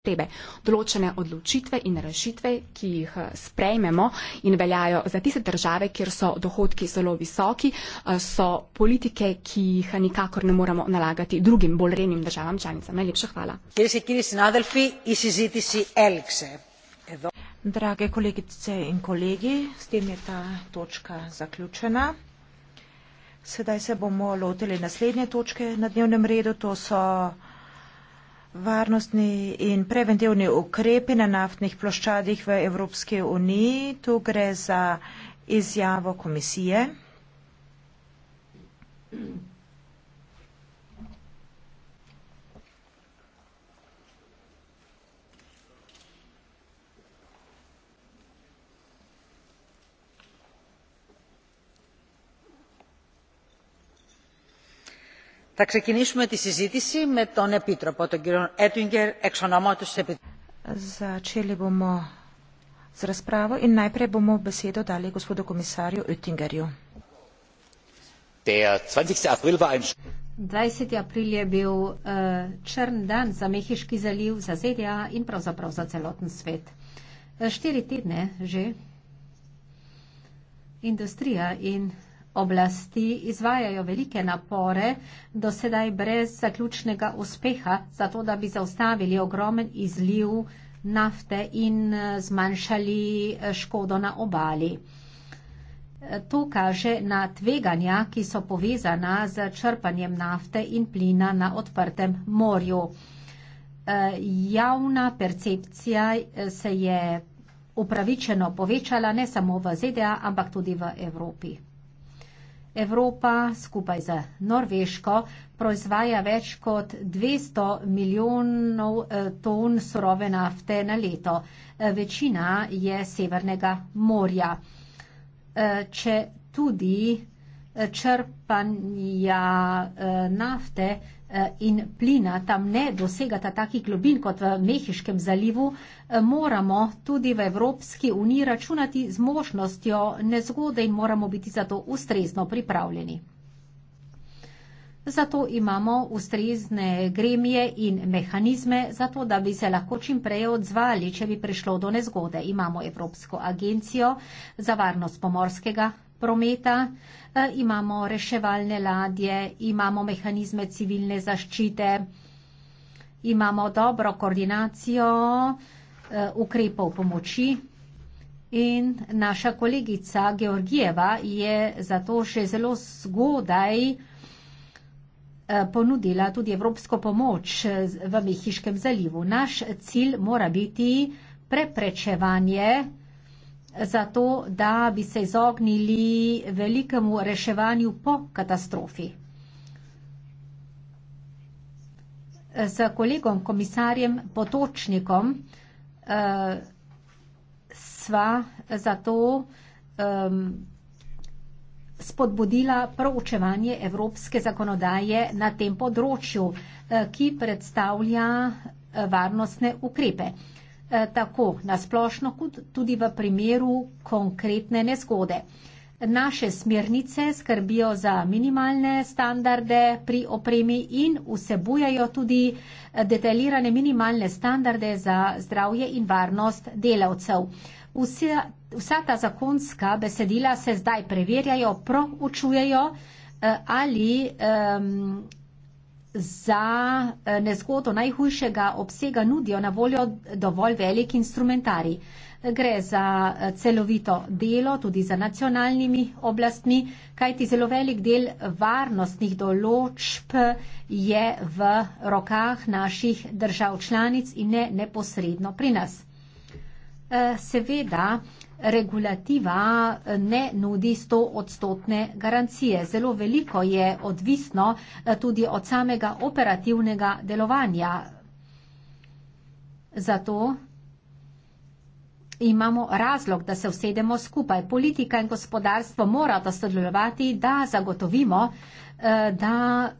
potrebe. Določene odločitve in rešitve, ki jih eh, sprejmemo in veljajo za tiste države, kjer so dohodki zelo visoki, eh, so politike, ki jih nikakor ne moramo nalagati drugim bolj renim državam članicam. Najlepša hvala. Drage kolegice in kolegi, s tem je ta točka zaključena. Sedaj se bomo lotili naslednje točke na dnevnem redu, to so Varnostni in preventivni ukrepi na naftnih ploščadih v Evropski uniji, tu gre za izjavo komisije. začeli bomo z razpravo in najprej bomo besedo dali gospodu komisarju oettingerju dvajset april je bil eh, črn dan za mehiški zaliv za zda in pravzaprav za celoten svet eh, štiri tedne že industrija in Oblasti izvajajo velike napore, dosedaj brez zaključnega uspeha, zato da bi zaustavili ogromen izliv nafte in eh, zmanjšali eh, škodo na obali. Eh, to kaže na tveganja, ki so povezana z črpanjem nafte in plina na odprtem morju. Javna percepcija se je upravičeno povečala ne samo v ZDA, ampak tudi v Evropi. Evropa skupaj z Norveško proizvaja več kot 200 milijonov eh, ton surove nafte na leto. Eh, večina je Severnega morja. Eh, če tudi črpanja nafte Eh, in plina tam ne dosegata takih globin kot v Mehiškem zalivu, eh, moramo tudi v Evropski uniji računati z možnostjo nezgode in moramo biti zato ustrezno pripravljeni. Zato imamo ustrezne gremije in mehanizme, zato da bi se lahko čim prej odzvali, če bi prišlo do nezgode. Imamo Evropsko agencijo za varnost pomorskega prometa, eh, imamo reševalne ladje, imamo mehanizme civilne zaščite, imamo dobro koordinacijo eh, ukrepov pomoči. In naša kolegica Georgijeva je zato še zelo zgodaj eh, ponudila tudi evropsko pomoč v Mehiškem zalivu. Naš cilj mora biti preprečevanje zato, da bi se izognili velikemu reševanju po katastrofi. S kolegom komisarjem Potočnikom eh, sva zato spodbudila proučevanje evropske zakonodaje na tem področju, eh, ki predstavlja eh, varnostne ukrepe. Eh, tako na splošno kot tudi v primeru konkretne nezgode. Naše smernice skrbijo za minimalne standarde pri opremi in vsebujajo tudi eh, detaljirane minimalne standarde za zdravje in varnost delavcev. Vse, vsa ta zakonska besedila se zdaj preverjajo, proučujejo eh, ali um, za eh, nezgodo najhujšega obsega nudijo na voljo dovolj velik instrumentari. Gre za eh, celovito delo, tudi za nacionalnimi oblastmi, kajti zelo velik del varnostnih določb je v rokah naših držav članic in ne neposredno pri nas. Eh, seveda regulativa eh, ne nudi stoodstotne garancije. Zelo veliko je odvisno eh, tudi od samega operativnega delovanja. Zato imamo razlog, da se vsedemo skupaj. Politika in gospodarstvo morata sodelovati, da zagotovimo, eh, da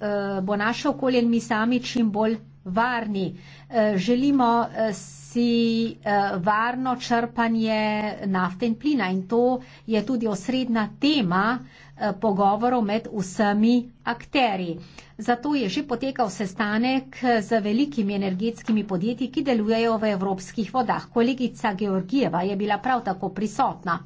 bo naše okolje in mi sami čim bolj varni. Eh, želimo eh, si eh, varno črpanje nafte in plina in to je tudi osredna tema pogovorov med vsemi akteri. Zato je že potekal sestanek z velikimi energetskimi podjetji, ki delujejo v evropskih vodah. Kolegica Georgijeva je bila prav tako prisotna.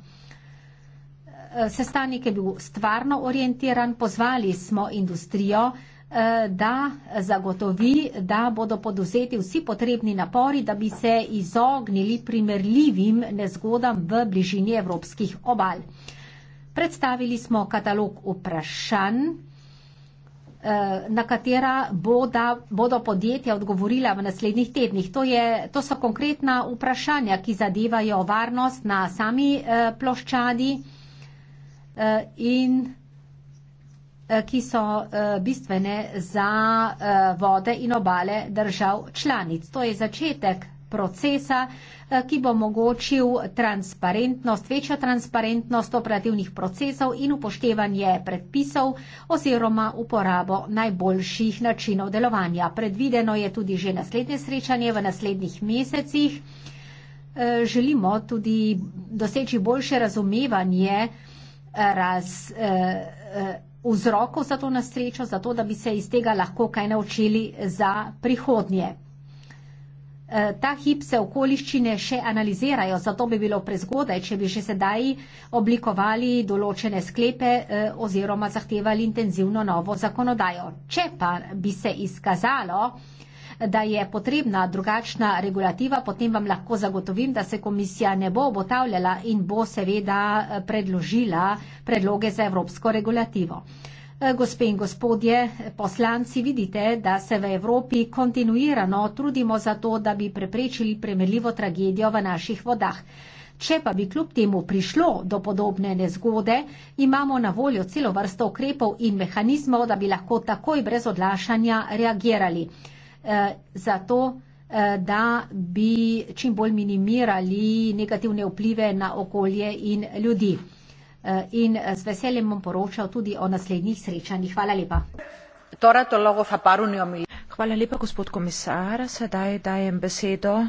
Sestanek je bil stvarno orientiran, pozvali smo industrijo, Eh, da zagotovi, da bodo poduzeti vsi potrebni napori, da bi se izognili primerljivim nezgodam v bližini evropskih obal. Predstavili smo katalog vprašanj, eh, na katera boda, bodo podjetja odgovorila v naslednjih tednih. To, je, to so konkretna vprašanja, ki zadevajo varnost na sami eh, ploščadi in vprašanje. Eh, ki so eh, bistvene za eh, vode in obale držav članic. To je začetek procesa, ki bo omogočil transparentnost, večjo transparentnost operativnih procesov in upoštevanje predpisov oziroma uporabo najboljših načinov delovanja. Predvideno je tudi že naslednje srečanje v naslednjih mesecih. Želimo tudi doseči boljše razumevanje raz vzrokov za to nesrečo, zato da bi se iz tega lahko kaj naučili za prihodnje. E, ta hip se okoliščine še analizirajo, zato bi bilo prezgodaj, če bi že sedaj oblikovali določene sklepe e, oziroma zahtevali intenzivno novo zakonodajo. Če pa bi se izkazalo, da je potrebna drugačna regulativa, potem vam lahko zagotovim, da se komisija ne bo obotavljala in bo seveda eh, predložila predloge za evropsko regulativo. Eh, gospe in gospodje, poslanci, vidite, da se v Evropi kontinuirano trudimo za to, da bi preprečili premeljivo tragedijo v naših vodah. Če pa bi kljub temu prišlo do podobne nezgode, imamo na voljo celo vrsto ukrepov in mehanizmov, da bi lahko takoj brez odlašanja reagirali. Eh, zato, eh, da bi čim bolj minimirali negativne vplive na okolje in ljudi. Eh, in z veseljem bom poročal tudi o naslednjih srečanjih. Hvala lepa. Hvala lepa, gospod komisar. Sedaj dajem besedo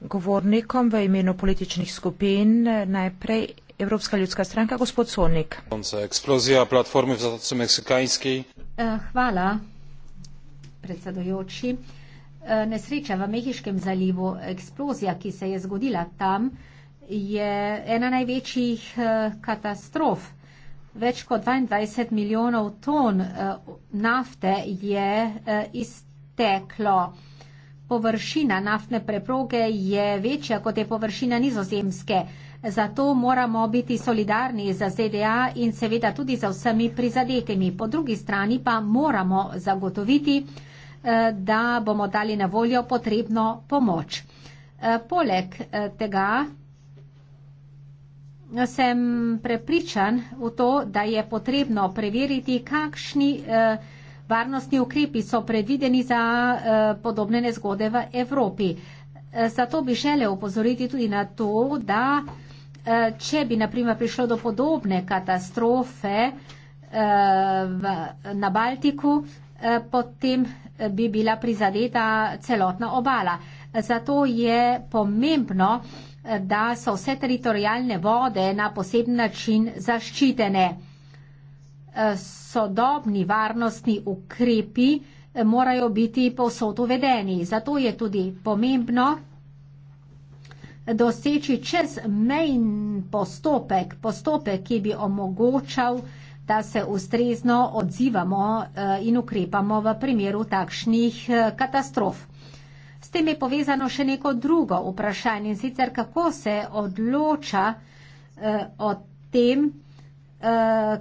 govornikom v imenu političnih skupin. Najprej Evropska ljudska stranka, gospod Sonik. Hvala predsedujoči. E, nesreča v Mehiškem zalivu, eksplozija, ki se je zgodila tam, je ena največjih e, katastrof. Več kot 22 milijonov ton e, nafte je izteklo. Površina naftne preproge je večja kot je površina nizozemske. Zato moramo biti solidarni za ZDA in seveda tudi za vsemi prizadetimi. Po drugi strani pa moramo zagotoviti, eh, da bomo dali na voljo potrebno pomoč. Eh, poleg eh, tega sem prepričan v to, da je potrebno preveriti, kakšni varnostni ukrepi so predvideni za podobne nezgode v Evropi. Zato bi želel upozoriti tudi na to, da Eh, če bi naprimer prišlo do podobne katastrofe eh, na Baltiku, eh, potem bi bila prizadeta celotna obala. Zato je pomembno, da so vse teritorijalne vode na poseben način zaščitene. Sodobni varnostni ukrepi morajo biti posod uvedeni. Zato je tudi pomembno, doseči čezmejn postopek, postopek, ki bi omogočal, da se ustrezno odzivamo eh, in ukrepamo v primeru takšnih eh, katastrof. S tem je povezano še neko drugo vprašanje in sicer kako se odloča eh, o tem,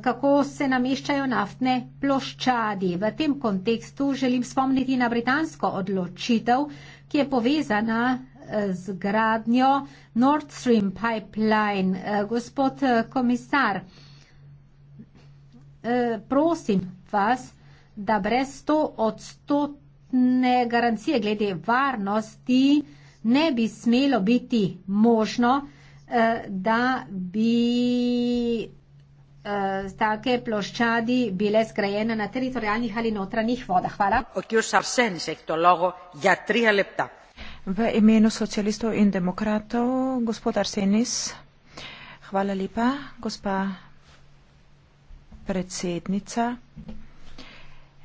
kako se nameščajo naftne ploščadi. V tem kontekstu želim spomniti na britansko odločitev, ki je povezana z gradnjo Nord Stream Pipeline. E, gospod e, komisar, e, prosim vas, da brez to odstotne garancije glede varnosti ne bi smelo biti možno, da bi take ploščadi bile zgrajene na teritorijalnih ali notranjih vodah. Hvala. V imenu socialistov in demokratov, gospod Arsenis, hvala lepa, gospa predsednica.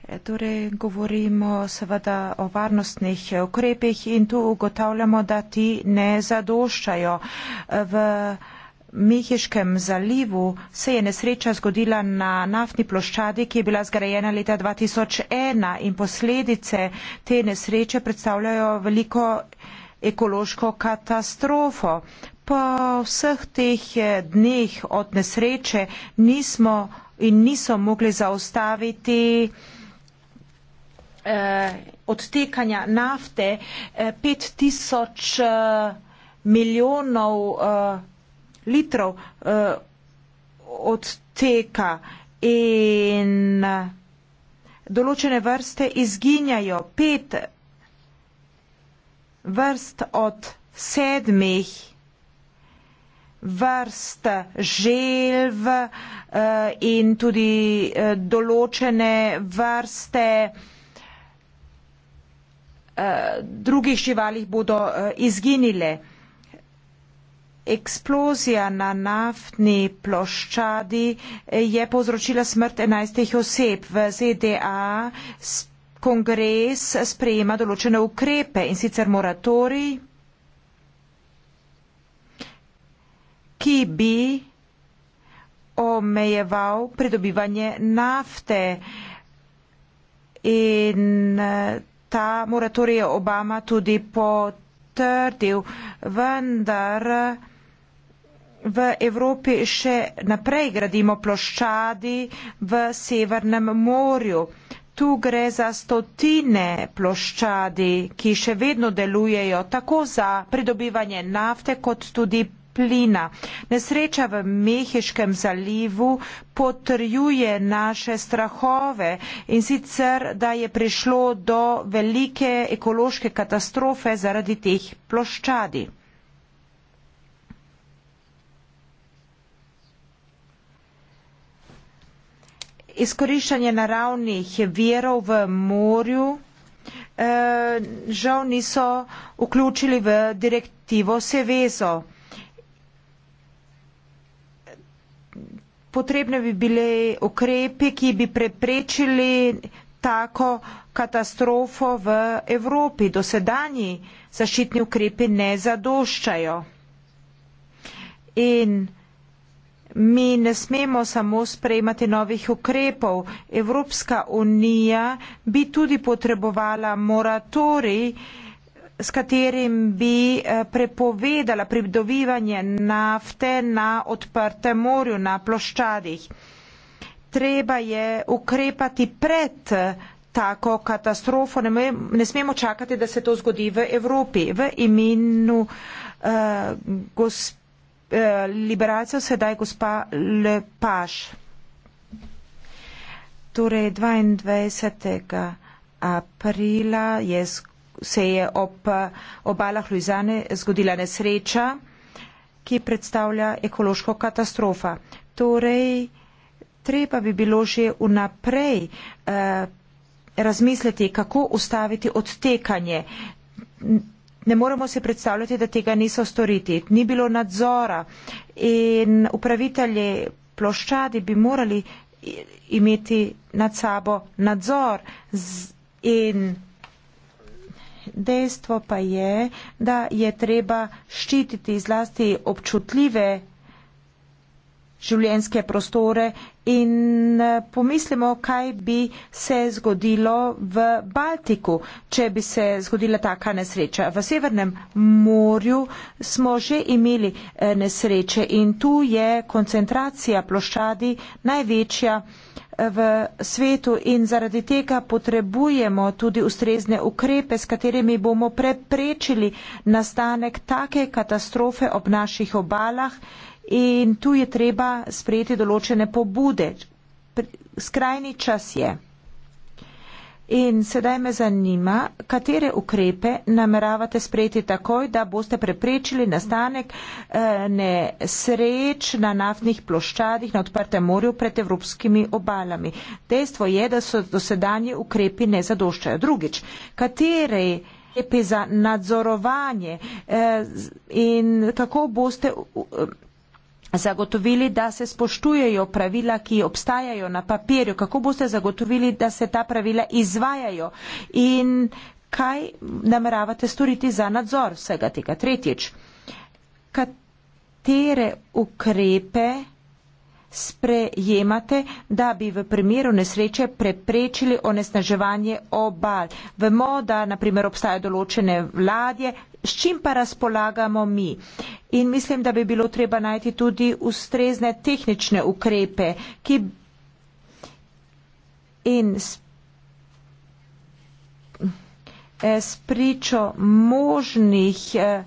E, torej, govorimo seveda o varnostnih ukrepih in tu ugotavljamo, da ti ne zadoščajo e, v Mehiškem zalivu se je nesreča zgodila na naftni ploščadi, ki je bila zgrajena leta 2001 in posledice te nesreče predstavljajo veliko ekološko katastrofo. Po vseh teh eh, dneh od nesreče nismo in niso mogli zaustaviti eh, odtekanja nafte eh, 5000 eh, milijonov eh, litrov uh, odteka in eh, določene vrste izginjajo. Pet vrst od sedmih vrst želv uh, in tudi uh, določene vrste uh, drugih živalih bodo uh, izginile. Eksplozija na naftni ploščadi eh, je povzročila smrt 11 oseb. V ZDA kongres sprejema določene ukrepe in sicer moratori, ki bi omejeval pridobivanje nafte. In eh, ta moratorij je Obama tudi potrdil, vendar v Evropi še naprej gradimo ploščadi v Severnem morju. Tu gre za stotine ploščadi, ki še vedno delujejo tako za pridobivanje nafte kot tudi plina. Nesreča v Mehiškem zalivu potrjuje naše strahove in sicer, da je prišlo do velike ekološke katastrofe zaradi teh ploščadi. izkoriščanje naravnih virov v morju eh, žal niso vključili v direktivo Sevezo. Potrebne bi bile ukrepe, ki bi preprečili tako katastrofo v Evropi. Dosedanji zaščitni ukrepi ne zadoščajo. In mi ne smemo samo sprejemati novih ukrepov. Evropska unija bi tudi potrebovala moratorij, s katerim bi eh, prepovedala pridobivanje nafte na odprtem morju, na ploščadih. Treba je ukrepati pred eh, tako katastrofo, ne, ne smemo čakati, da se to zgodi v Evropi. V imenu uh, eh, gospodinstva. Eh, liberacijo sedaj gospa Le Paš. Torej 22. aprila je, se je ob obalah Luizane zgodila nesreča, ki predstavlja ekološko katastrofa. Torej, treba bi bilo že vnaprej eh, razmisliti, kako ustaviti odtekanje ne moremo si predstavljati, da tega niso storiti. Ni bilo nadzora in upravitelji ploščadi bi morali imeti nad sabo nadzor. In dejstvo pa je, da je treba ščititi zlasti občutljive življenske prostore in eh, pomislimo, kaj bi se zgodilo v Baltiku, če bi se zgodila taka nesreča. V Severnem morju smo že imeli eh, nesreče in tu je koncentracija ploščadi največja eh, v svetu in zaradi tega potrebujemo tudi ustrezne ukrepe, s katerimi bomo preprečili nastanek take katastrofe ob naših obalah in tu je treba sprejeti določene pobude. Skrajni čas je. In sedaj me zanima, katere ukrepe nameravate sprejeti takoj, da boste preprečili nastanek eh, nesreč na naftnih ploščadih na odprtem morju pred evropskimi obalami. Dejstvo je, da so dosedanje ukrepi ne zadoščajo. Drugič, katere ukrepe za nadzorovanje eh, in kako boste zagotovili, da se spoštujejo pravila, ki obstajajo na papirju? Kako boste zagotovili, da se ta pravila izvajajo? In kaj nameravate storiti za nadzor vsega tega? Tretjič, katere ukrepe sprejemate, da bi v primeru nesreče preprečili onesnaževanje obal. Vemo, da naprimer obstajajo določene vladje, s čim pa razpolagamo mi. In mislim, da bi bilo treba najti tudi ustrezne tehnične ukrepe, ki in spričo eh, možnih eh,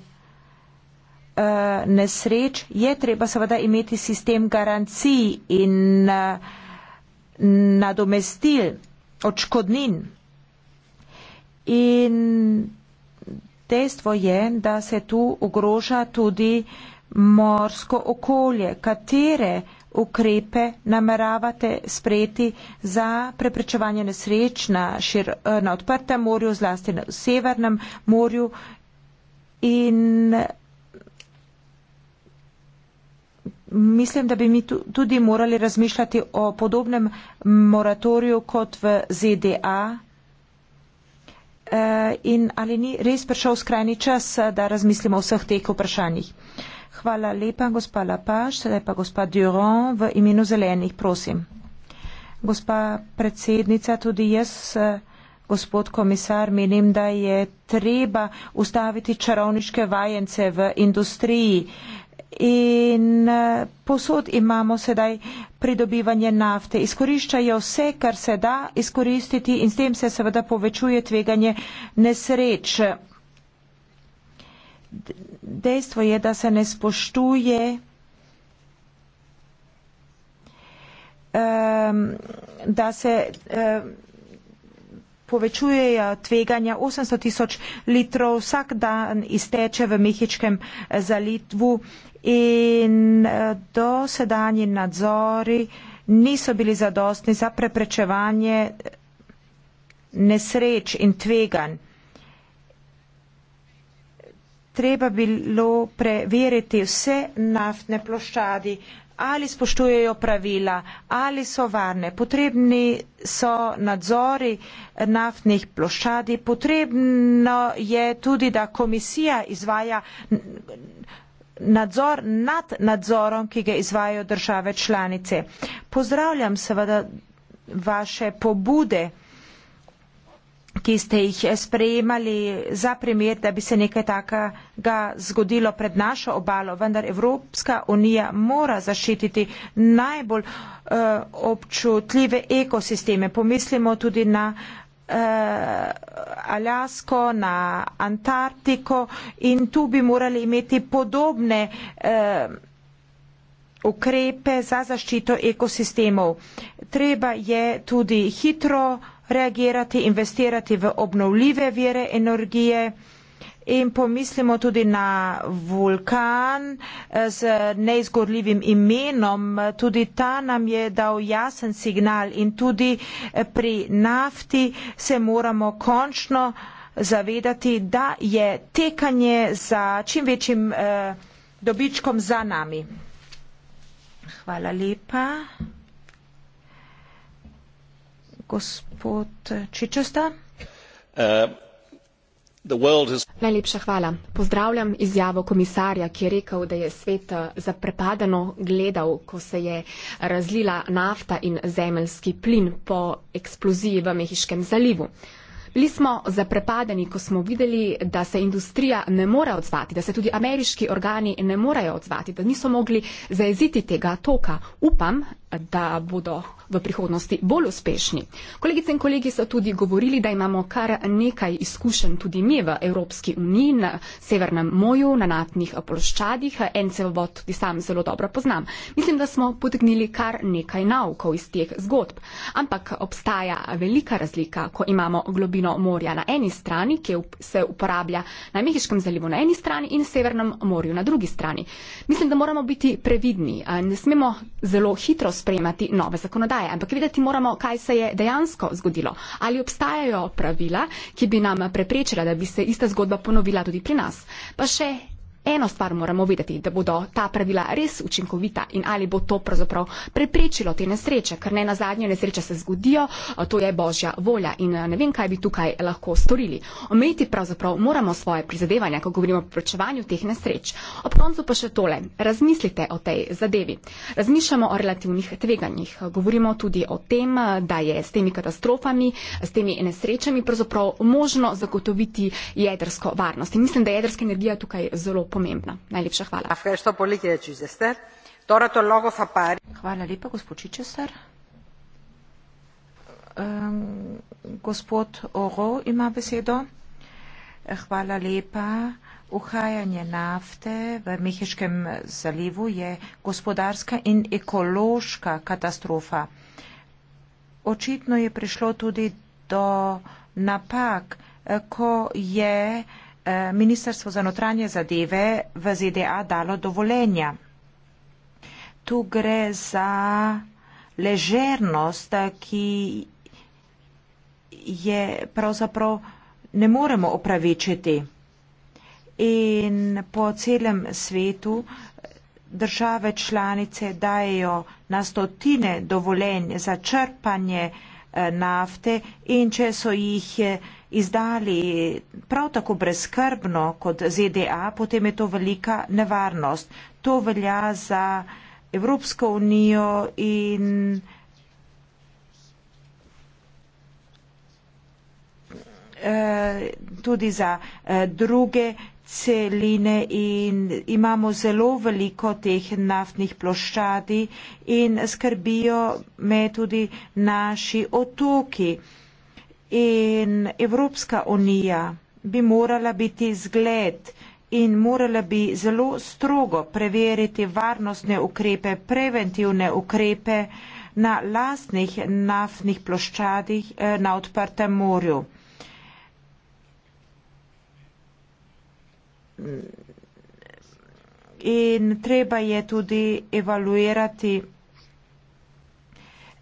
eh, nesreč je treba seveda imeti sistem garancij in nadomestil, odškodnin. In dejstvo je, da se tu ogroža tudi morsko okolje. Katere ukrepe nameravate sprejeti za preprečevanje nesreč na, šir, na odprtem morju, zlasti na severnem morju in Mislim, da bi mi tudi morali razmišljati o podobnem moratoriju kot v ZDA. Eh, in ali ni res prišel skrajni čas, eh, da razmislimo o vseh teh vprašanjih. Hvala lepa, gospa Lapaš, sedaj pa gospa Duron v imenu zelenih, prosim. Gospa predsednica, tudi jaz, eh, gospod komisar, menim, da je treba ustaviti čarovniške vajence v industriji in eh, posod imamo sedaj pridobivanje nafte. Izkoriščajo vse, kar se da izkoristiti in s tem se seveda povečuje tveganje nesreč. Dejstvo je, da se ne spoštuje. Ehm, da se ehm, povečujejo tveganja 800 tisoč litrov vsak dan izteče v Mehičkem zalitvu in eh, dosedanji nadzori niso bili zadostni za preprečevanje eh, nesreč in tveganj. Treba bilo preveriti vse naftne ploščadi, ali spoštujejo pravila, ali so varne. Potrebni so nadzori naftnih ploščadi, potrebno je tudi, da komisija izvaja nadzor nad nadzorom, ki ga izvajo države članice. Pozdravljam seveda vaše pobude, ki ste jih sprejemali za primer, da bi se nekaj takega zgodilo pred našo obalo, vendar Evropska unija mora zaščititi najbolj uh, občutljive ekosisteme. Pomislimo tudi na uh, eh, Aljasko, na Antarktiko in tu bi morali imeti podobne eh, ukrepe za zaščito ekosistemov. Treba je tudi hitro reagirati, investirati v obnovljive vire energije in pomislimo tudi na vulkan eh, z neizgorljivim imenom. Tudi ta nam je dal jasen signal in tudi eh, pri nafti se moramo končno zavedati, da je tekanje za čim večjim eh, dobičkom za nami. Hvala lepa. Gospod Čičusta. Najlepša hvala. Pozdravljam izjavo komisarja, ki je rekel, da je svet eh, zaprepadeno gledal, ko se je eh, razlila nafta in zemeljski plin po eksploziji v Mehiškem zalivu. Bili smo zaprepadeni, ko smo videli, da se industrija ne more odzvati, da se tudi ameriški organi ne morejo odzvati, da niso mogli zaeziti tega toka. Upam, da bodo v prihodnosti bolj uspešni. Kolegice in kolegi so tudi govorili, da imamo kar nekaj izkušenj tudi mi v Evropski uniji, na Severnem moju, na natnih ploščadih. En cevovod tudi sam zelo dobro poznam. Mislim, da smo potegnili kar nekaj naukov iz teh zgodb. Ampak obstaja velika razlika, ko imamo globino Severno morje na eni strani, ki up se uporablja na Mehiškem zalivu na eni strani in Severnem morju na drugi strani. Mislim, da moramo biti previdni, ne smemo zelo hitro sprejemati nove zakonodaje, ampak videti moramo, kaj se je dejansko zgodilo. Ali obstajajo pravila, ki bi nam preprečila, da bi se ista zgodba ponovila tudi pri nas. Pa še eno stvar moramo videti, da bodo ta pravila res učinkovita in ali bo to pravzaprav preprečilo te nesreče, ker ne na zadnje nesreče se zgodijo, to je božja volja in ne vem, kaj bi tukaj lahko storili. Omejiti pravzaprav moramo svoje prizadevanja, ko govorimo o preprečevanju teh nesreč. Ob koncu pa še tole, razmislite o tej zadevi. Razmišljamo o relativnih tveganjih. Govorimo tudi o tem, da je s temi katastrofami, s temi nesrečami pravzaprav možno zagotoviti jedrsko varnost. In mislim, da je jedrska energija tukaj zelo pomembna pomembna. Najlepša hvala. Hvala lepa, gospod Čičester. Um, ehm, gospod Oro ima besedo. Hvala lepa. Uhajanje nafte v Mehiškem zalivu je gospodarska in ekološka katastrofa. Očitno je prišlo tudi do napak, eh, ko je uh, Eh, ministrstvo za notranje zadeve v ZDA dalo dovoljenja. Tu gre za ležernost, ki je pravzaprav ne moremo opravičiti. In po celem svetu države članice dajo na stotine dovoljenj za črpanje eh, Eh, nafte in če so jih eh, izdali prav tako brezkrbno kot ZDA, potem je to velika nevarnost. To velja za Evropsko unijo in eh, tudi za druge celine in imamo zelo veliko teh naftnih ploščadi in skrbijo me tudi naši otoki. In Evropska unija bi morala biti zgled in morala bi zelo strogo preveriti varnostne ukrepe, preventivne ukrepe na lastnih naftnih ploščadih eh, na odprtem morju. in treba je tudi evaluirati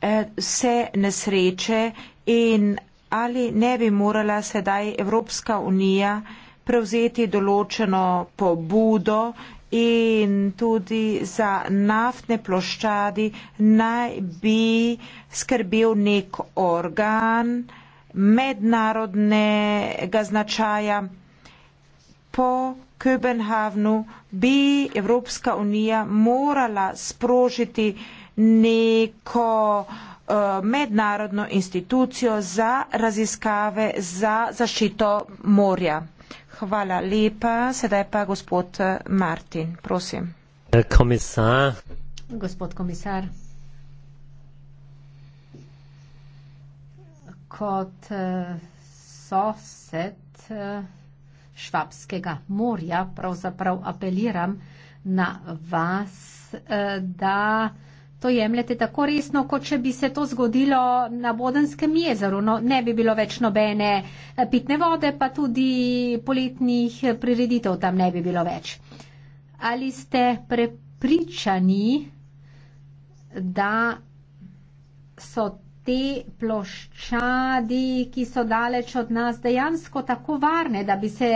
eh, vse nesreče in ali ne bi morala sedaj Evropska unija prevzeti določeno pobudo in tudi za naftne ploščadi naj bi skrbel nek organ mednarodnega značaja po Köbenhavnu bi Evropska unija morala sprožiti neko uh, mednarodno institucijo za raziskave za zaščito morja. Hvala lepa. Sedaj pa gospod eh, Martin, prosim. Komisar. Gospod komisar. Kot uh, sosed. Uh, Švabskega morja, pravzaprav apeliram na vas, eh, da to jemljete tako resno, kot če bi se to zgodilo na Bodenskem jezeru. No, ne bi bilo več nobene eh, pitne vode, pa tudi poletnih eh, prireditev tam ne bi bilo več. Ali ste prepričani, da so te ploščadi, ki so daleč od nas, dejansko tako varne, da bi se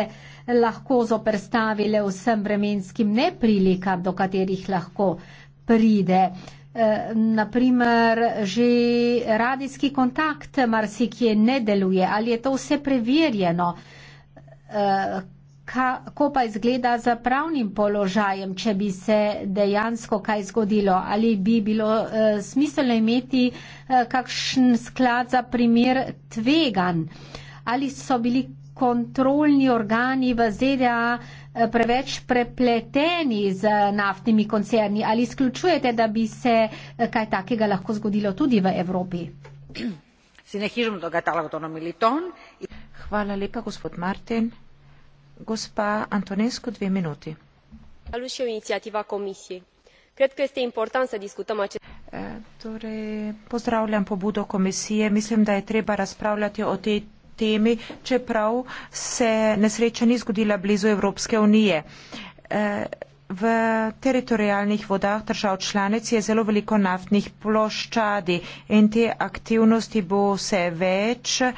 lahko zoprstavile vsem vremenskim neprilikam, do katerih lahko pride. E, eh, naprimer, že radijski kontakt marsikje ne deluje, ali je to vse preverjeno. E, ka, ko pa izgleda z pravnim položajem, če bi se dejansko kaj zgodilo? Ali bi bilo e, smiselno imeti e, kakšen sklad za primer tvegan? Ali so bili kontrolni organi v ZDA eh, preveč prepleteni z naftnimi koncerni? Ali izključujete, da bi se kaj takega lahko zgodilo tudi v Evropi? Hvala lepa, gospod Martin. E, torej pozdravljam pobudo komisije mislim da je treba razpravljati o tej temi čeprav se nesreča ni zgodila blizu evropske unije e, v teritorijalnih vodah držav članic je zelo veliko naftnih ploščadi in te aktivnosti bo vse več e,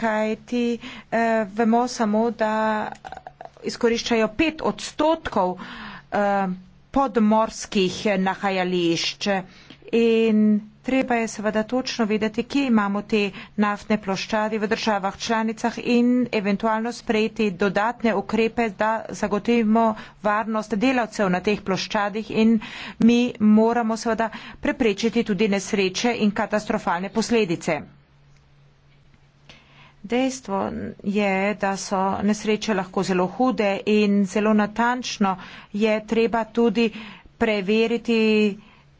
kaj ti eh, vemo samo, da izkoriščajo pet odstotkov eh, podmorskih eh, nahajališč. In treba je seveda točno vedeti, kje imamo te naftne ploščadi v državah članicah in eventualno sprejeti dodatne ukrepe, da zagotovimo varnost delavcev na teh ploščadih in mi moramo seveda preprečiti tudi nesreče in katastrofalne posledice. Dejstvo je, da so nesreče lahko zelo hude in zelo natančno je treba tudi preveriti,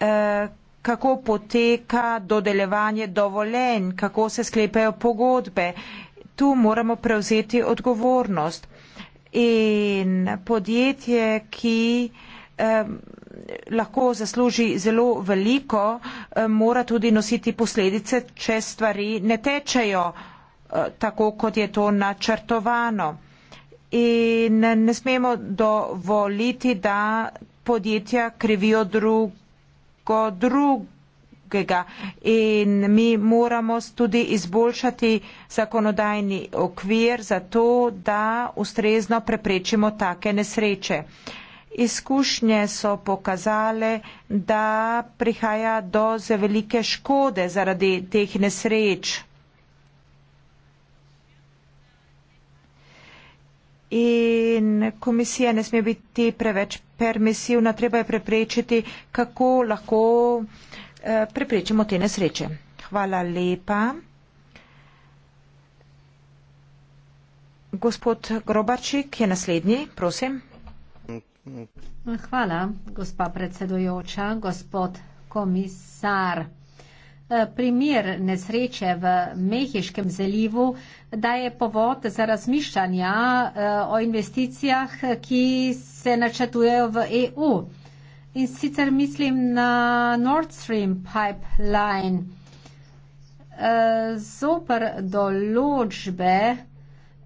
eh, kako poteka dodeljevanje dovolenj, kako se sklepejo pogodbe. Tu moramo prevzeti odgovornost. In podjetje, ki eh, lahko zasluži zelo veliko, eh, mora tudi nositi posledice, če stvari ne tečejo tako, kot je to načrtovano. In ne smemo dovoliti, da podjetja krivijo drugo drugega. In mi moramo tudi izboljšati zakonodajni okvir za to, da ustrezno preprečimo take nesreče. Izkušnje so pokazale, da prihaja do zelo velike škode zaradi teh nesreč. in komisija ne sme biti preveč permisivna, treba je preprečiti, kako lahko eh, preprečimo te nesreče. Hvala lepa. Gospod Grobarčik je naslednji, prosim. Hvala, gospa predsedujoča, gospod komisar. Eh, primer nesreče v Mehiškem zalivu daje povod za razmišljanja eh, o investicijah, ki se načrtujejo v EU. In sicer mislim na Nord Stream pipeline. Eh, zoper določbe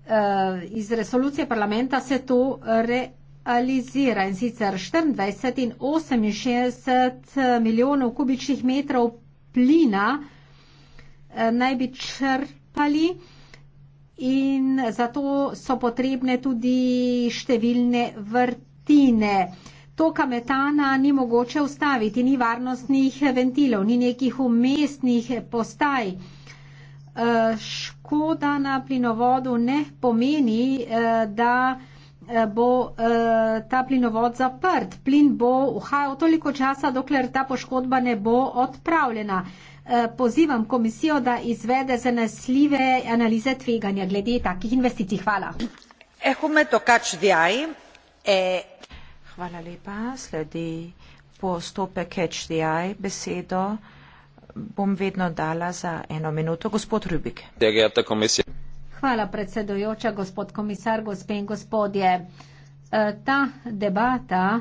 eh, iz resolucije parlamenta se to realizira in sicer 24 in 68 milijonov kubičnih metrov plina naj bi črpali in zato so potrebne tudi številne vrtine. Toka metana ni mogoče ustaviti, ni varnostnih ventilov, ni nekih umestnih postaj. Eh, škoda na plinovodu ne pomeni, eh, da eh, bo ta plinovod zaprt. Plin bo uhajal toliko časa, dokler ta poškodba ne bo odpravljena. Eh, pozivam komisijo, da izvede zanesljive analize tveganja glede takih investicij. Hvala. E, Hvala lepa. Sledi postopek HDI. Besedo bom vedno dala za eno minuto. Gospod Rubik. Hvala predsedojoča, gospod komisar, gospe in gospodje. Eh, ta debata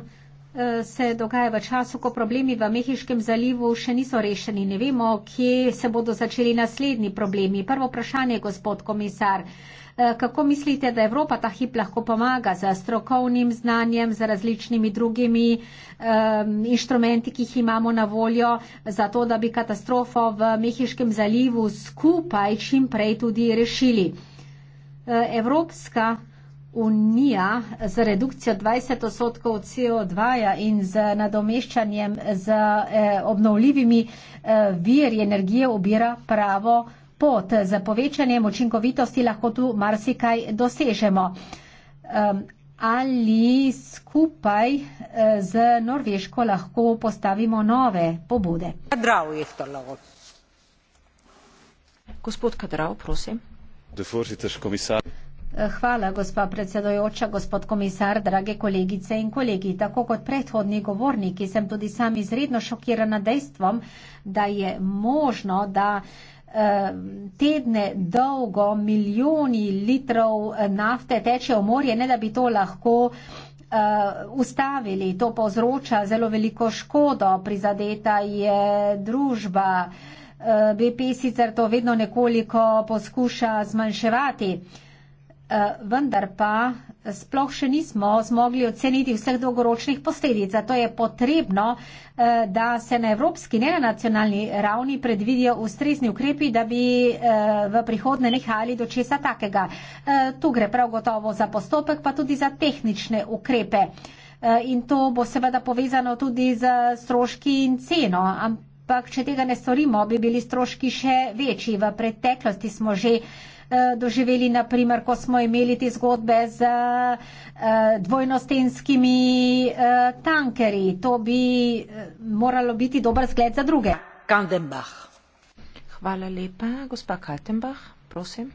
Eh, se dogaja v času, ko problemi v Mehiškem zalivu še niso rešeni. Ne vemo, kje se bodo začeli naslednji problemi. Prvo vprašanje, gospod komisar. Eh, kako mislite, da Evropa ta hip lahko pomaga za strokovnim znanjem, za različnimi drugimi um, inštrumenti, ki jih imamo na voljo, za to, da bi katastrofo v Mehiškem zalivu skupaj čim prej tudi rešili? Eh, Evropska unija z redukcijo 20 odstotkov CO2 -ja in z nadomeščanjem z eh, obnovljivimi eh, viri energije ubira pravo pot. Z povečanjem učinkovitosti lahko tu marsikaj dosežemo. Ali skupaj eh, z Norveško lahko postavimo nove pobude? Kadrav je to lahko. Gospod Kadrav, prosim. Gospod komisar. Eh, hvala, gospa predsedojoča, gospod komisar, drage kolegice in kolegi. Tako kot predhodni govorniki sem tudi sam izredno šokirana dejstvom, da je možno, da eh, tedne dolgo milijoni litrov eh, nafte teče v morje, ne da bi to lahko ustavili. To povzroča zelo veliko škodo, prizadeta je družba. BP sicer to vedno nekoliko poskuša zmanjševati. Eh, vendar pa sploh še nismo zmogli oceniti vseh dolgoročnih posledic. Zato je potrebno, eh, da se na evropski, ne na nacionalni ravni predvidijo ustrezni ukrepi, da bi eh, v prihodne nehali do česa takega. Tu gre prav gotovo za postopek, pa tudi za tehnične ukrepe. In to bo seveda povezano tudi z stroški in ceno. Ampak, če tega ne storimo, bi bili stroški še večji. V preteklosti smo že Eh, doživeli, naprimer, ko smo imeli te zgodbe z eh, dvojnostenskimi eh, tankeri. To bi moralo biti dober zgled za druge. Kandenbach. Hvala lepa, gospa Kaltenbach, prosim.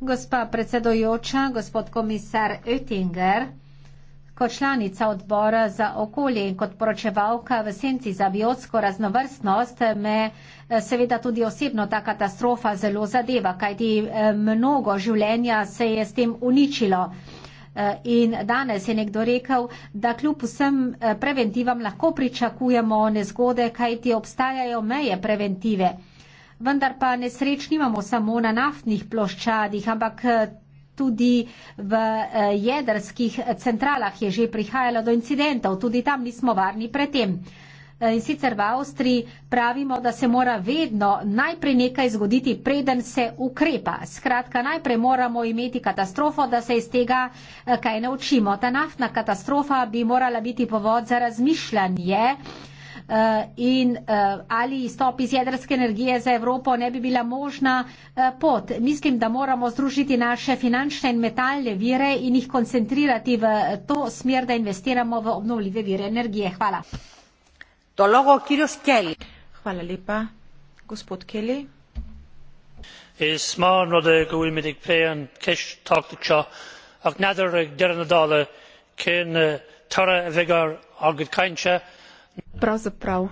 Gospa predsedojoča, gospod komisar Oettinger. Kot članica odbora za okolje in kot poročevalka v senci za biotsko raznovrstnost me eh, seveda tudi osebno ta katastrofa zelo zadeva, kajti eh, mnogo življenja se je s tem uničilo. Eh, in danes je nekdo rekel, da kljub vsem preventivam lahko pričakujemo nezgode, kajti obstajajo meje preventive. Vendar pa nesreč nimamo samo na naftnih ploščadih, ampak tudi v eh, jedrskih centralah je že prihajalo do incidentov, tudi tam nismo varni pred tem. Eh, in sicer v Avstriji pravimo, da se mora vedno najprej nekaj zgoditi, preden se ukrepa. Skratka, najprej moramo imeti katastrofo, da se iz tega eh, kaj naučimo. Ta naftna katastrofa bi morala biti povod za razmišljanje. Eh, in eh, ali izstop iz jedrske energije za Evropo ne bi bila možna eh, pot. Mislim, da moramo združiti naše finančne in metalne vire in jih koncentrirati v to smer, da investiramo v obnovljive vire energije. Hvala. Dologo, Hvala lepa. Gospod Kelly. Is mar no de gwy mi dig pean kish talk the cho ac nader dir na dala kin tara vigor agud kaincha Pravzaprav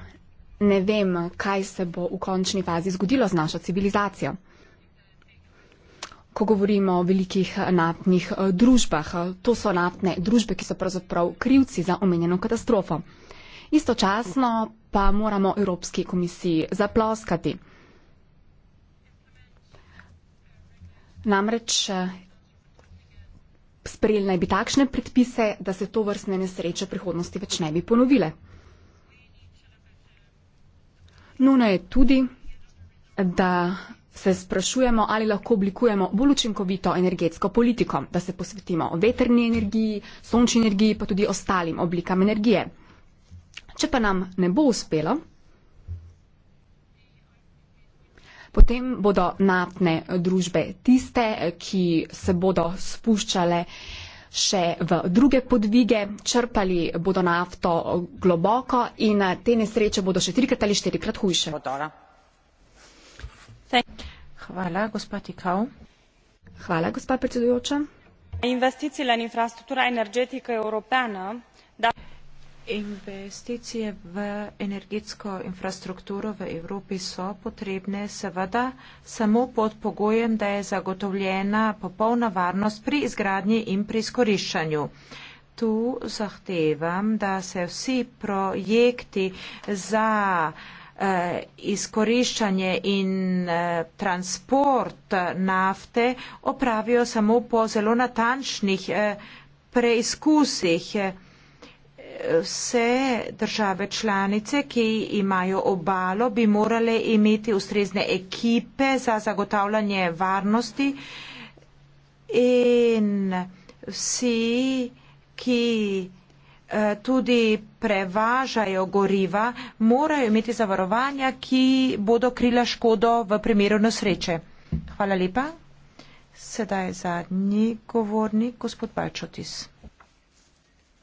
ne vem, kaj se bo v končni fazi zgodilo z našo civilizacijo. Ko govorimo o velikih naftnih eh, družbah, eh, to so naftne družbe, ki so pravzaprav krivci za omenjeno katastrofo. Istočasno pa moramo Evropski komisiji zaploskati. Namreč eh, sprejeli naj bi takšne predpise, da se to vrstne nesreče prihodnosti več ne bi ponovile. Nuna je tudi, da se sprašujemo, ali lahko oblikujemo bolj učinkovito energetsko politiko, da se posvetimo veterni energiji, sončni energiji, pa tudi ostalim oblikam energije. Če pa nam ne bo uspelo, potem bodo naftne družbe tiste, ki se bodo spuščale eh, še v druge podvige, črpali bodo nafto globoko in eh, te nesreče bodo še trikrat ali štirikrat hujše. Hvala, gospa Tikau. Hvala, gospa predsedujoča. Investicijele in infrastruktura energetike evropejna. Da... Investicije v energetsko infrastrukturo v Evropi so potrebne, seveda, samo pod pogojem, da je zagotovljena popolna varnost pri izgradnji in pri izkoriščanju. Tu zahtevam, da se vsi projekti za eh, izkoriščanje in eh, transport nafte opravijo samo po zelo natančnih eh, preizkusih vse države članice, ki imajo obalo, bi morale imeti ustrezne ekipe za zagotavljanje varnosti in vsi, ki eh, tudi prevažajo goriva, morajo imeti zavarovanja, ki bodo krila škodo v primeru nesreče. Hvala lepa. Sedaj je zadnji govornik, gospod Balčotis.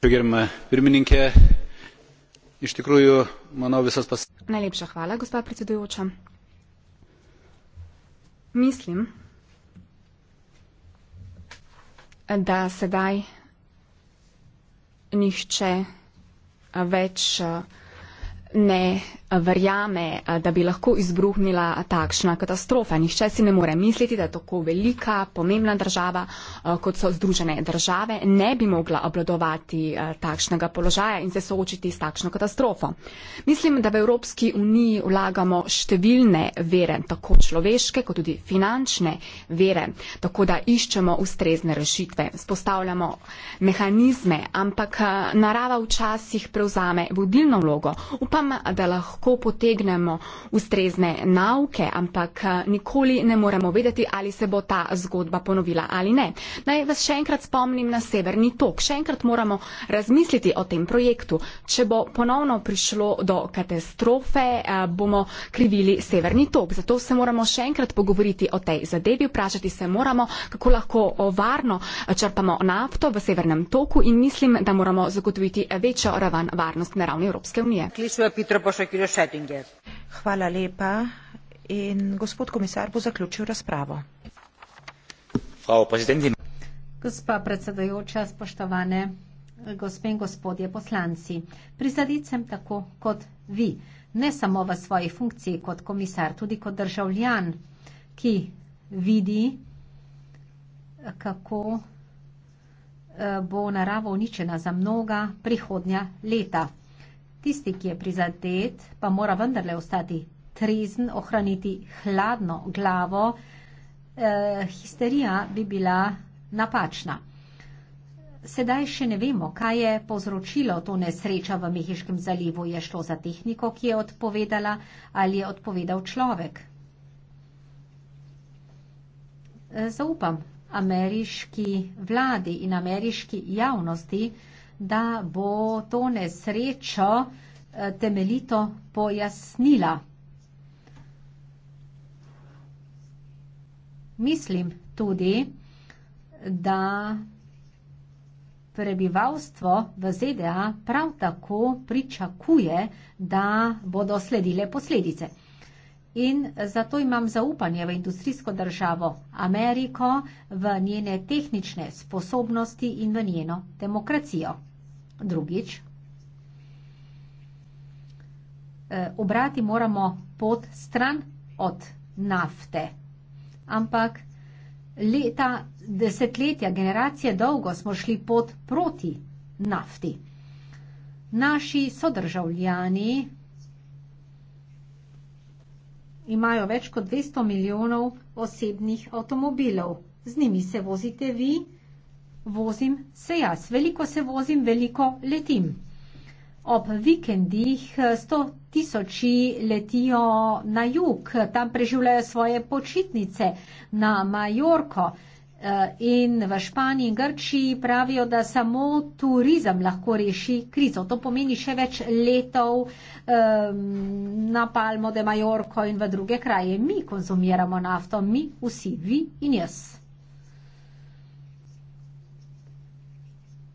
Najlepša hvala, gospa predsedujoča. Mislim, da sedaj nihče, več, ne verjame, da bi lahko izbruhnila takšna katastrofa. Nihče si ne more misliti, da tako velika, pomembna država, kot so združene države, ne bi mogla obladovati takšnega položaja in se soočiti s takšno katastrofo. Mislim, da v Evropski uniji vlagamo številne vere, tako človeške, kot tudi finančne vere, tako da iščemo ustrezne rešitve, spostavljamo mehanizme, ampak narava včasih prevzame vodilno vlogo. Upam, upam, da lahko potegnemo ustrezne nauke, ampak eh, nikoli ne moremo vedeti, ali se bo ta zgodba ponovila ali ne. Naj vas še enkrat spomnim na Severni tok. Še enkrat moramo razmisliti o tem projektu. Če bo ponovno prišlo do katastrofe, eh, bomo krivili Severni tok. Zato se moramo še enkrat pogovoriti o tej zadevi, vprašati se moramo, kako lahko varno eh, črpamo nafto v Severnem toku in mislim, da moramo zagotoviti večjo raven varnosti na ravni Evropske unije. Klišve Hvala lepa. In gospod komisar bo zaključil razpravo. Gospa predsedujoča, spoštovane gospe in gospodje poslanci, prizadit sem tako kot vi, ne samo v svoji funkciji kot komisar, tudi kot državljan, ki vidi, kako eh, bo narava uničena za mnoga prihodnja leta. Tisti, ki je prizadet, pa mora vendarle ostati trezen, ohraniti hladno glavo. E, histerija bi bila napačna. Sedaj še ne vemo, kaj je povzročilo to nesrečo v Mehiškem zalivu. Je šlo za tehniko, ki je odpovedala ali je odpovedal človek. Eh, zaupam ameriški vladi in ameriški javnosti, da bo to nesrečo eh, temeljito pojasnila. Mislim tudi, da prebivalstvo v ZDA prav tako pričakuje, da bodo sledile posledice. In zato imam zaupanje v industrijsko državo Ameriko, v njene tehnične sposobnosti in v njeno demokracijo. Drugič, e, obrati moramo pot stran od nafte. Ampak leta, desetletja, generacije dolgo smo šli pot proti nafti. Naši sodržavljani imajo več kot 200 milijonov osebnih avtomobilov. Z njimi se vozite vi, Vozim se jaz, veliko se vozim, veliko letim. Ob vikendih eh, sto tisoči letijo na jug, tam preživljajo svoje počitnice na Majorko eh, in v Španiji in Grčiji pravijo, da samo turizem lahko reši krizo. To pomeni še več letov ehm, na Palmo de Majorko in v druge kraje. Mi konzumiramo nafto, mi vsi, vi in jaz.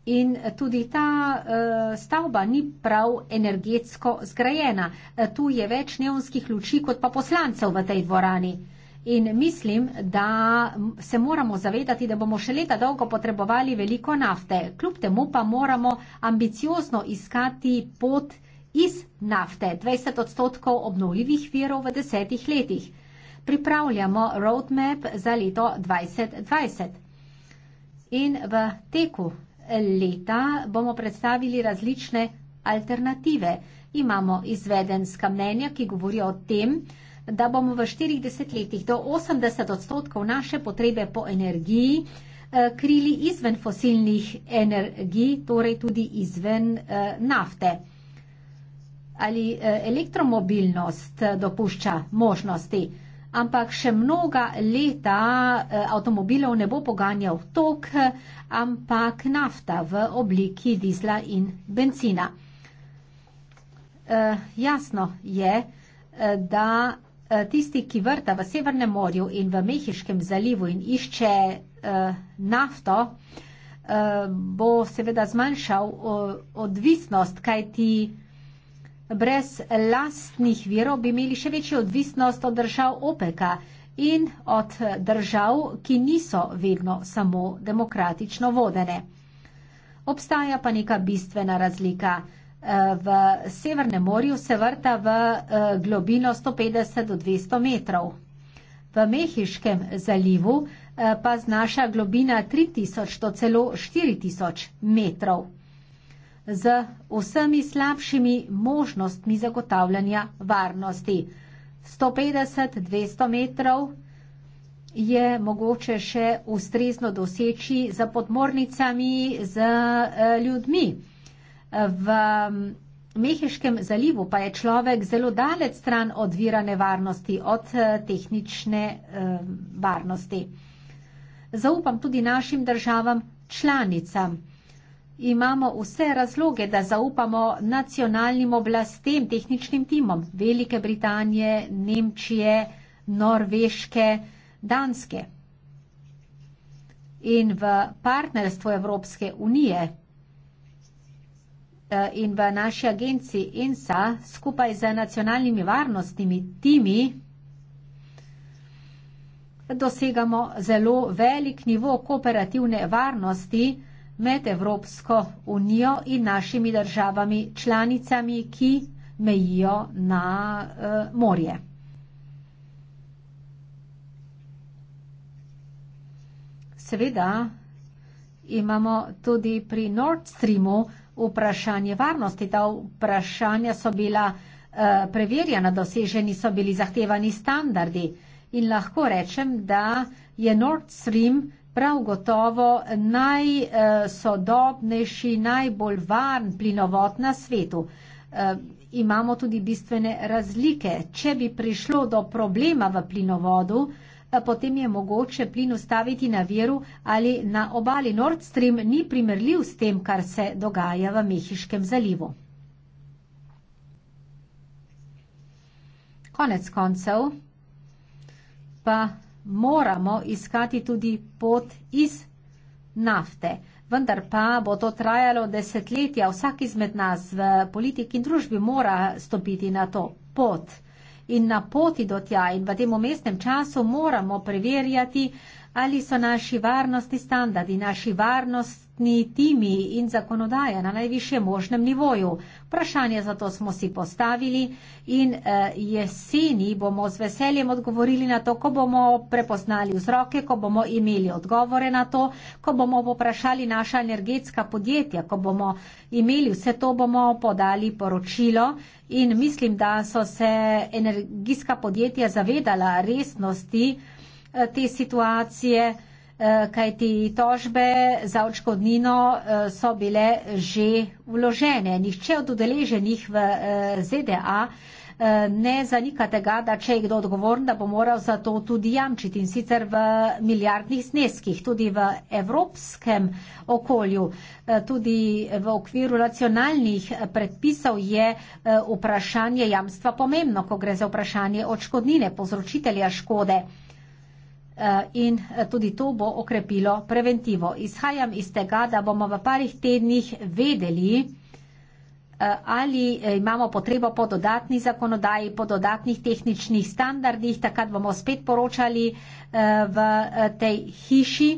In tudi ta eh, stavba ni prav energetsko zgrajena. Eh, tu je več neonskih luči kot pa poslancev v tej dvorani. In mislim, da se moramo zavedati, da bomo še leta dolgo potrebovali veliko nafte. Kljub temu pa moramo ambiciozno iskati pot iz nafte, 20 odstotkov obnovljivih virov v desetih letih. Pripravljamo roadmap za leto 2020. In v teku leta bomo predstavili različne alternative. Imamo izvedenska mnenja, ki govorijo o tem, da bomo v 40 letih do 80 odstotkov naše potrebe po energiji eh, krili izven fosilnih energij, torej tudi izven eh, nafte. Ali eh, elektromobilnost dopušča možnosti? ampak še mnoga leta eh, avtomobilov ne bo poganjal tok, ampak nafta v obliki dizla in benzina. Eh, jasno je, eh, da tisti, ki vrta v Severnem morju in v Mehiškem zalivu in išče nafto, bo seveda zmanjšal odvisnost, kaj ti Brez lastnih virov bi imeli še večjo odvisnost od držav OPEK-a in od držav, ki niso vedno samo demokratično vodene. Obstaja pa neka bistvena razlika. Eh, v Severnem morju se vrta v eh, globino 150 do 200 metrov. V Mehiškem zalivu eh, pa znaša globina 3000 do celo 4000 metrov z vsemi slabšimi možnostmi zagotavljanja varnosti. 150-200 metrov je mogoče še ustrezno doseči za podmornicami, za eh, ljudmi. V mm, Mehiškem zalivu pa je človek zelo dalec stran od vira nevarnosti, od eh, tehnične eh, varnosti. Zaupam tudi našim državam članicam imamo vse razloge, da zaupamo nacionalnim oblastem, tehničnim timom Velike Britanije, Nemčije, Norveške, Danske. In v partnerstvu Evropske unije eh, in v naši agenciji INSA skupaj z nacionalnimi varnostnimi timi dosegamo zelo velik nivo kooperativne varnosti, med Evropsko unijo in našimi državami članicami, ki mejijo na uh, morje. Seveda imamo tudi pri Nord Streamu vprašanje varnosti. Ta vprašanja so bila uh, eh, preverjena, doseženi so bili zahtevani standardi. In lahko rečem, da je Nord Stream prav gotovo najsodobnejši, eh, najbolj varen plinovod na svetu. Eh, imamo tudi bistvene razlike. Če bi prišlo do problema v plinovodu, eh, potem je mogoče plin ustaviti na veru ali na obali. Nord Stream ni primerljiv s tem, kar se dogaja v Mehiškem zalivu. Konec koncev pa moramo iskati tudi pot iz nafte. Vendar pa bo to trajalo desetletja, vsak izmed nas v politiki in družbi mora stopiti na to pot. In na poti do tja in v tem umestnem času moramo preverjati, ali so naši varnostni standardi, naši varnost, projektni timi in zakonodaja na najvišjem možnem nivoju. Vprašanje za to smo si postavili in eh, jeseni bomo z veseljem odgovorili na to, ko bomo prepoznali vzroke, ko bomo imeli odgovore na to, ko bomo poprašali naša energetska podjetja, ko bomo imeli vse to, bomo podali poročilo in mislim, da so se energijska podjetja zavedala resnosti eh, te situacije. Eh, kajti tožbe za očkodnino eh, so bile že vložene. Nihče od udeleženih v eh, ZDA ne zanika tega, da če je kdo odgovoren, da bo moral za to tudi jamčiti in sicer v milijardnih zneskih, tudi v evropskem okolju, tudi v okviru nacionalnih predpisov je vprašanje jamstva pomembno, ko gre za vprašanje očkodnine, povzročitelja škode. Eh, in eh, tudi to bo okrepilo preventivo. Izhajam iz tega, da bomo v parih tednih vedeli, eh, ali imamo potrebo po dodatni zakonodaji, po dodatnih tehničnih standardih, takrat bomo spet poročali v tej hiši.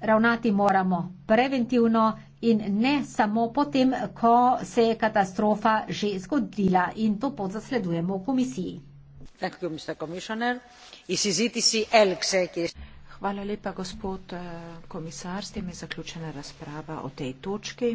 Ravnati moramo preventivno in ne samo potem, ko se je katastrofa že zgodila in to podzasledujemo v komisiji hvala lepa gospod eh, komisar s tem je zaključena razprava o tej točki.